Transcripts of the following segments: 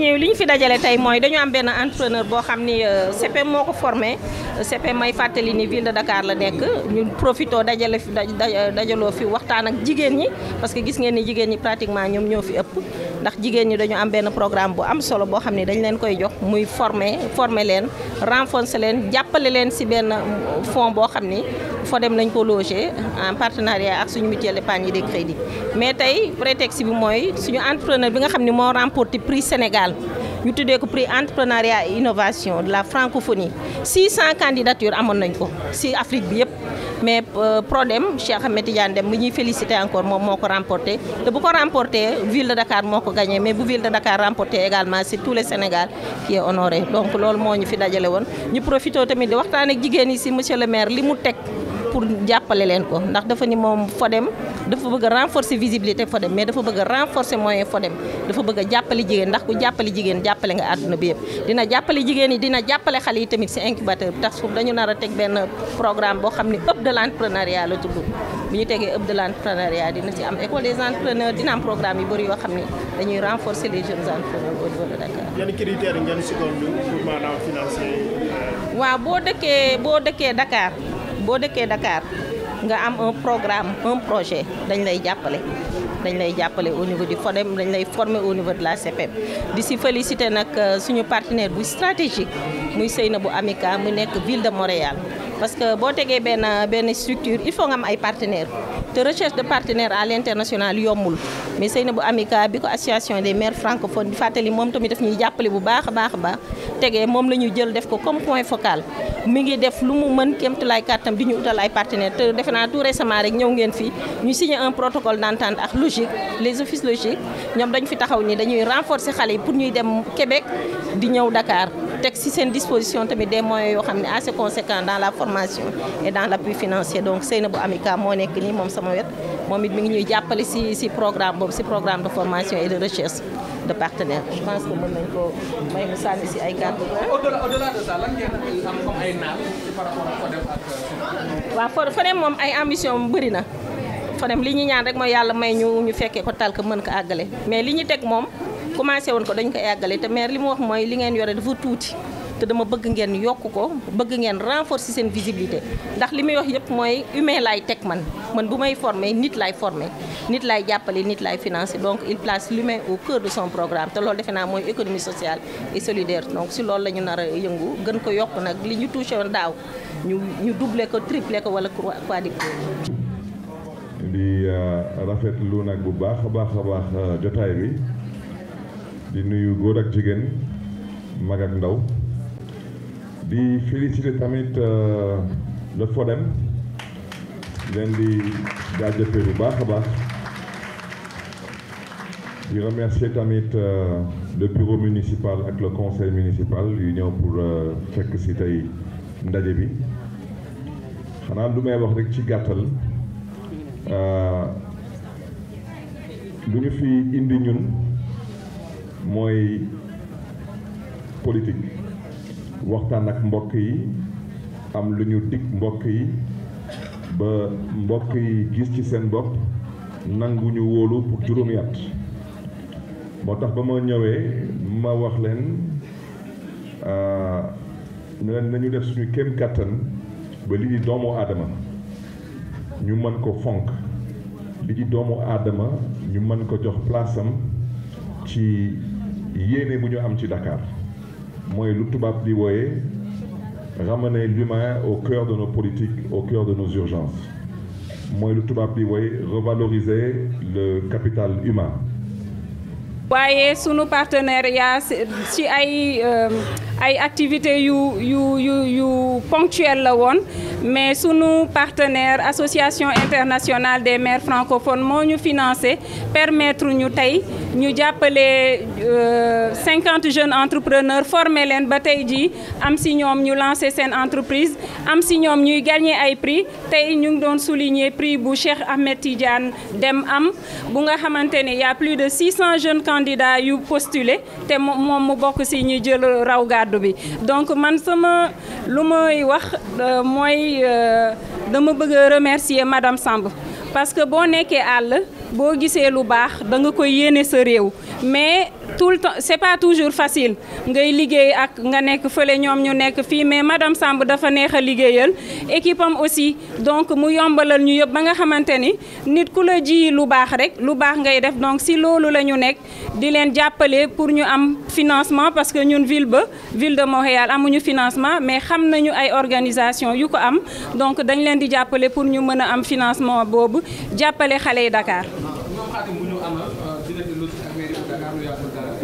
li ñu fi dajale tey mooy dañu am benn entrepreneur boo xam ni euh, CPM moo ko formé CP may fàttali ni ville de Dakar la nekk ñun profito dajale fi dajaloo fi waxtaan ak jigéen ñi parce que gis ngeen ni jigéen ñi pratiquement ñoom ñoo fi ëpp ndax jigéen ñi dañu am benn programme bu am solo boo xam ne dañ leen koy jox muy former former leen renforcer leen jàppale leen si benn fonds boo xam ni foo dem lañ ko loger en partenariat ak suñu mutuelle épargne de crédit mais tey prétexte bi mooy suñu entrepreneur bi nga xam ni moo remporté prix Sénégal Nous avons ko prix entrepreneuriat et innovation de la francophonie 600 candidatures à nañ ko C'est Afrique bi le mais euh, problème, Cheikh Ahmed Tidiane Deme je félicite encore moi moo remporté te bu remporté ville de Dakar m'a gagné mais bu ville de Dakar remporté également c'est tout le Sénégal qui est honoré donc ce que nous fi fait. Nous ñu profité de di waxtaan jigéen yi ici, monsieur le maire li pour jàppale leen ko ndax dafa ni moom FODEM dafa bëgg a renforcer visibilité FODEM mais dafa bëgg a renforcer moyen FODEM dafa bëgg a jàppale jigéen ndax ku jàppale jigéen jàppale nga àdduna bi yëpp dina jàppale jigéen yi dina jàppale xale yi tamit si incubateur bi tax suuf dañu nar a teg benn programme boo xam ni hub de l' entrepreneuriat la tudd bu ñu tegee hub de l' entrepreneuriat dina ci am école des entrepreneurs dina am programme yu bëri yoo xam ne dañuy renforcer les jeunes entrepreneurs au niveau de Dakar. boo dëkkee ndakaar nga am un programme un projet dañ lay jàppale dañ lay jàppale au niveau de FODEM dañ lay former au niveau de la CPM e di si féliciter nag euh, suñu partenaire bu stratégique muy na bu Amica mu nekk ville de Montréal parce que boo tegee benn benn structure il faut nga am ay partenaires te recherche de partenaires à l'international yombul mais bu Amica bi ko association des maires francophones di fàttali moom tamit daf ñuy jàppale bu baax a baax a baax tegee moom la ñu jël def ko focal mi ngi def lu mu mën kéemtalaay kàttam di ñu utal ay partenaires te defe naa tout récemment rek ñëw ngeen fi ñu signé un protocole d'entente ak logique les offices logiques ñoom dañ fi taxaw ni dañuy renforcer xale yi pour ñuy dem Québec di ñëw Dakar teg ci seen disposition tamit des moyens yoo xam ne assez conséquents dans la formation et dans l'appui financier donc Seynabou Amika moo nekk nii moom sama wet moom it mi ngi ñuy jàppale ci ci programme boobu ci programme de formation et de recherche de partenaires je pense que mën nañ ko may mu sànni si ay kàddu. au-delà au for de ça euh, moom ay ambition mu bëri na Fodem li ñu ñaan rek mooy yàlla may ñu ñu fekkee ko tal ko mën ko àggale mais li ñu teg moom commencé woon ko dañ ko àggale te maire li mu wax mooy li ngeen yore dafa tuuti. te dama bëgg ngeen yokk ko bëgg ngeen renforcer seen visibilité ndax limi wax yépp mooy humain lay teg man man bu may former nit lay former nit lay jàppale nit lay financer donc il place l'humain au cœur de son programme te loolu defe naa mooy économie sociale et solidaire donc si loolu la ñu nar a yëngu gën ko yokk nag li ñu touché woon daaw ñu ñu doubler ko tripler ko wala quoi di euh, lu nag bu baax a baax a baax euh, jotaay bi di nuyu góor ak jigéen mag ak ndaw di félicité tamit euh, le forum len di jaajëfee bu baax a baax di remercier tamit euh, le bureau municipal ak le conseil municipal yu pour euh, fekk ci tey ndaje bi xanaa lu may wax rek ci gàttal lu ñu fi indi ñun moy politique waxtaan ak mbokk yi am lu ñu dig mbokk yi ba mbokk yi gis ci seen bopp nangu ñu wóolu pour juróomi at moo tax ba ma ñëwee ma wax leen euh, ne leen nañu def suñu kéem kàttan ba lii di doomu aadama ñu mën ko fonk li di doomu aadama ñu mën ko jox place ci yéene bu ñu am ci Dakar Moi, le tubaab ramener l'humain au cœur de nos politiques au cœur de nos urgences Moi, le revaloriser le capital humain waaye sunu partenariat ci ay euh, ay activités yu yu yu ponctuelles la mais sunu partenaire association internationale des maires francophones nous ñu financé permettre ñu tey ñu jàppale 50 euh, jeunes entrepreneurs former les ba tey lancer am si ñu entreprise am si gagné ay prix Nous ñu souligné le souligner prix de Cheikh Ahmed Tidiane il am y' a plus de 600 jeunes candidats yu postulé té mom mu bokk si ñu jël raw gaddu bi donc man sama lu may wax euh, moy euh, dama bëgg remercier madame Samb parce que bo nekkee àll bo gisé lu baax da nga koy yéné sa réew mais tout le temps c'est pas toujours facile ngay liguey ak nga nek feulé ñom ñu nek fi mais madame Samb dafa neex a liggéeyal équipe am aussi donc mu yombalal ñu yëpp ba nga xamanteni nit ku la ji lu bax rek lu bax ngay def donc si lolu la ñu nekk di len jappelé pour ñu am financement parce que ñun ville ba ville de Montréal amuñu financement mais xam nañu ay organisation yu ko am donc dañ leen di jappelé pour ñu mëna am financement bobu jappelé xale Dakar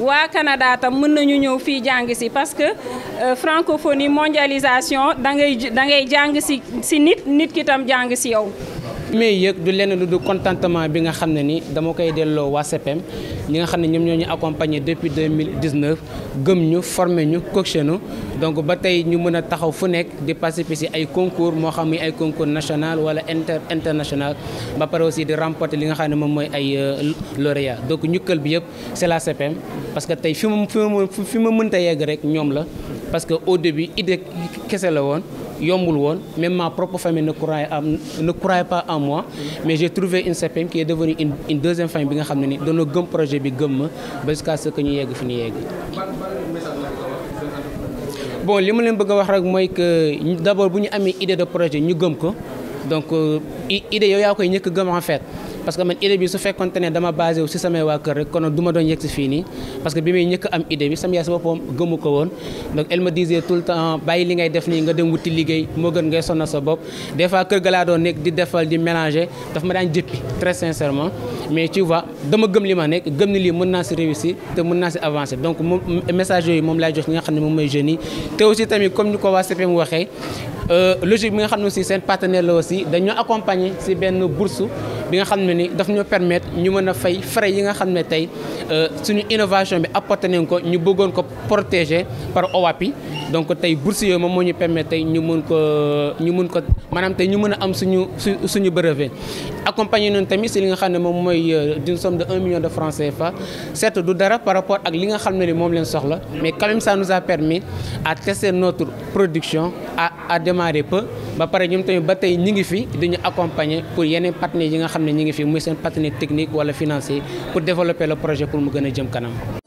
waa Canada tam mën nañu ñëw fii jàng si parce que euh, francophonie mondialisation da ngay da ngay jàng si si nit nit ki tam jàng si yow. mais yëg du lenn du contentement bi nga xamné ni dama koy delloo wa CPM ñi nga xamné ñom ñoom accompagner depuis 2019 gëm ñu former ñu coaché ñu donc ba tay ñu mëna taxaw fu nek di participer si ay concours mo xam ay concours national wala inter international ba pare aussi di remporter li nga xamné mom moy ay euh, lauréat donc ñukkal bi yëpp c'est la CPM parce que tay fi ma fi ma mënta yegg rek ñom la parce que au début idée kese la woon yombul won même ma propre famille ne croyait ne croyait pas en moi mais j'ai trouvé une CPM qui est devenue une une deuxième famille bi nga xam ne ni dañoo gëm projet bi gëm jusqu'à ce que ñu yegg fi ñu yegg. bon li ma leen bëgg wax rek moy que d'abord bu ñu idée de projet ñu gëm ko donc euh, idée yow ya koy ñëk gëm en fait parce que man idée bi su fekkonte ne dama basé wu si samay wa kër rek konoon du ma doon yegg si parce que bi muy njëkk am idée bi sama yaay sa boppam gëmu ko donc elle me disait tout le temps bàyyi li ngay def ni nga dem wuti liggéey moo gën ngay sonna sa bop des fois kër gala do nek di defal di mélanger daf ma daan jëppi très sincèrement mais tu vois dama gëm li ma nek gëm ni li mëna ci réussir té mëna ci avancer donc message yi mom lay jox nga xam mom may jeune jeunes yi aussi tamit comme ni ko waa CPM waxee euh, logique bi nga aussi un partenaire là aussi dañoo accompagner c'est bien bourse bi nga xam ne ni daf ñu permettre ñu mën a fay frais yi nga xam ne tey euh, suñu innovation bi apporté nañ ko ñu bëggoon ko protéger par OAPI donc tey bourse yooyu moment nous ñu permettre tey ñu mën ko ñu mën ko maanaam tey ñu mën a am suñu suñu brevet accompagner noonu tamit si li nga xam euh, d'une somme de 1 million de francs CFA cette du dara par rapport ak li nga xam ne ni leen soxla mais quand même ça nous a permis à tester notre production à à démarré peu ba paré ñum tamit ba tey ñi ngi fi diñu accompagner pour yeneen partenaires yi nga xam ne ñi ngi fi muy seen partenaire technique wala financier pour développer le projet pour mu gën a jëm kanam